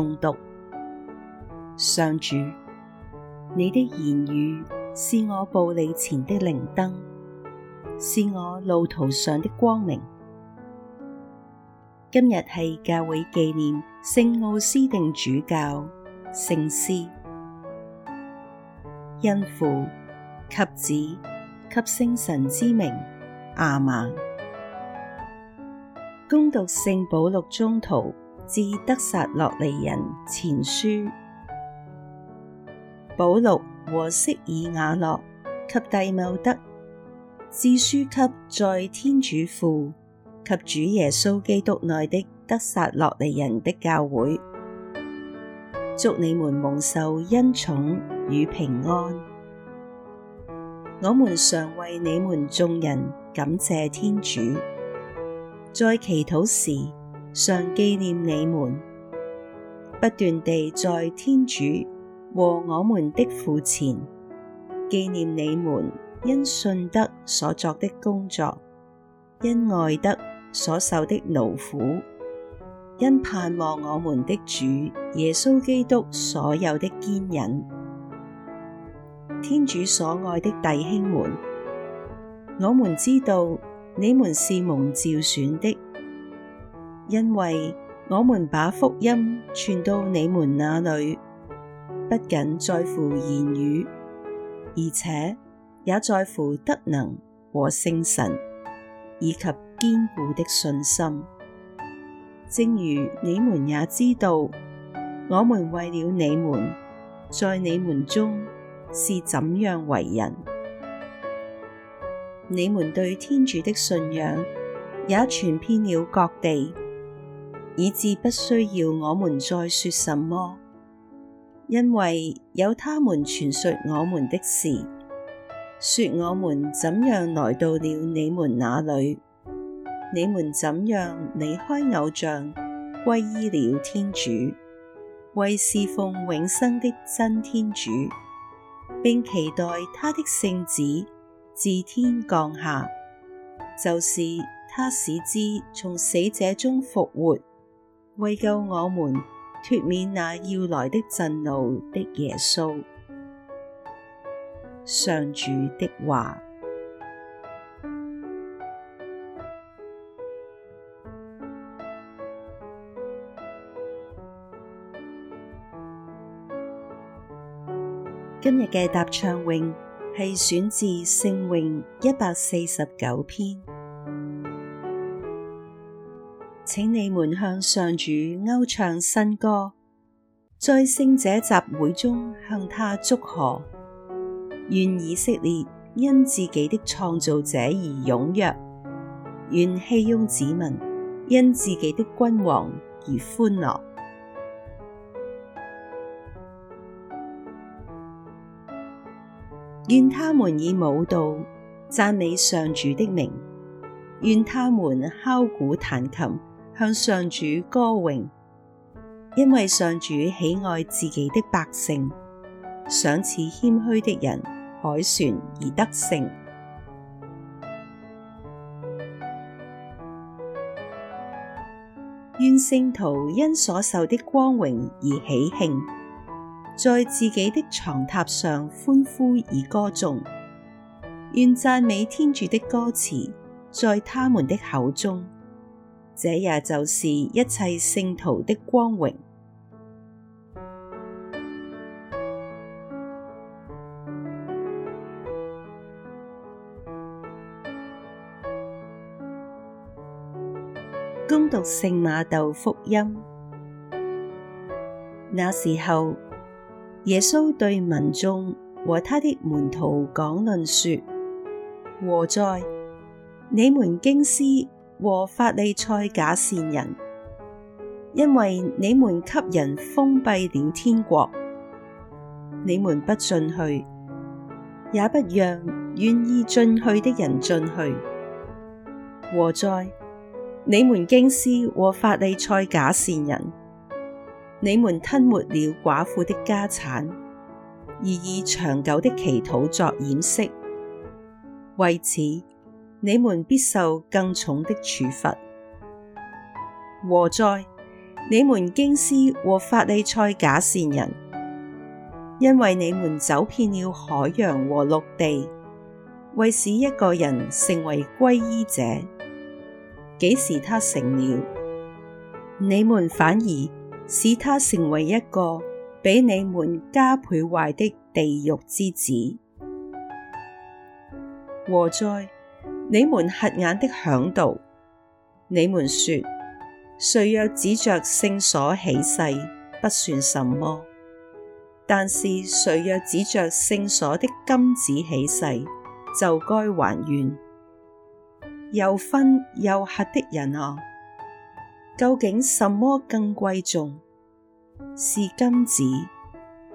誦讀上主，你的言語是我步履前的靈燈，是我路途上的光明。今日係教會紀念聖奧思定主教聖師，因父，及子，及聖神之名，阿們。恭讀聖保祿宗徒。致得撒洛尼人前書，保祿和息耳瓦諾及弟茂德，致書給在天主父及主耶穌基督內的得撒洛尼人的教會，祝你們蒙受恩寵與平安。我們常為你們眾人感謝天主，在祈禱時。常紀念你們，不斷地在天主和我們的父前紀念你們因信德所作的工作，因愛德所受的勞苦，因盼望我們的主耶穌基督所有的堅忍。天主所愛的弟兄們，我們知道你們是蒙召選的。因為我們把福音傳到你們那裏，不僅在乎言語，而且也在乎德能和聖神，以及堅固的信心。正如你們也知道，我們為了你們，在你們中是怎樣為人。你們對天主的信仰也傳遍了各地。以致不需要我們再說什麼，因為有他們傳述我們的事，說我們怎樣來到了你們那裏，你們怎樣離開偶像，歸依了天主，為侍奉永生的真天主，並期待他的聖子自天降下，就是他使之從死者中復活。為救我們脱免那要來的震怒的耶穌，上主的話。今日嘅答唱詠係選自聖詠一百四十九篇。請你們向上主謳唱新歌，在聖者集會中向他祝賀。願以色列因自己的創造者而踴躍，願熙雍子民因自己的君王而歡樂。願他們以舞蹈讚美上主的名，願他們敲鼓彈琴。向上主歌詠，因為上主喜愛自己的百姓，賞賜謙虛的人凱旋而得勝。願聖徒因所受的光榮而喜慶，在自己的床榻上歡呼而歌頌。願讚美天主的歌辭在他們的口中。這也就是一切聖徒的光榮。恭讀聖瑪竇福音，那時候，耶穌對民眾和他的門徒講論說：禍哉，你們經師。和法利賽假善人，因為你們給人封閉了天國，你們不進去，也不讓願意進去的人進去。禍哉，你們經師和法利賽假善人，你們吞沒了寡婦的家產，而以長久的祈禱作掩飾，為此。你們必受更重的處罰。禍哉，你們經師和法利賽假善人，因為你們走遍了海洋和陸地，為使一個人成為皈依者，幾時他成了，你們反而使他成為一個比你們加倍壞的地獄之子。禍哉。你們瞎眼的嚮導！你們說，誰若指着聖所起誓，不算什麼，但是誰若指着聖所的金子起誓，就該還願。又昏又瞎的人啊，究竟什麼更貴重？是金子，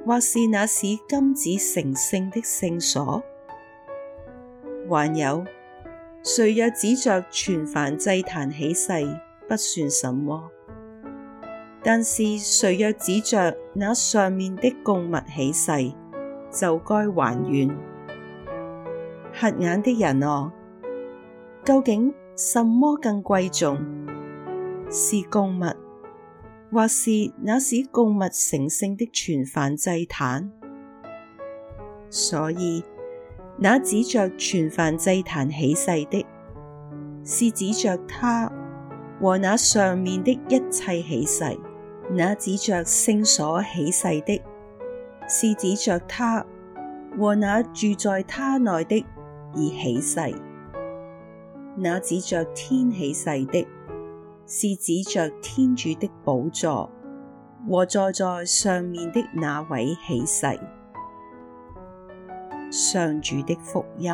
或是那使金子成聖的聖所？還有。誰若指着全燔祭壇起誓不算什麼，但是誰若指着那上面的供物起誓就該還願。瞎眼的人哦、啊，究竟什麼更貴重？是供物，或是那使供物成聖的全燔祭壇？所以。那指着全燔祭壇起誓的，是指着他和那上面的一切起誓；那指着聖所起誓的，是指着他和那住在他內的而起誓；那指着天起誓的，是指着天主的寶座和坐在，在上面的那位起誓。上主的福音。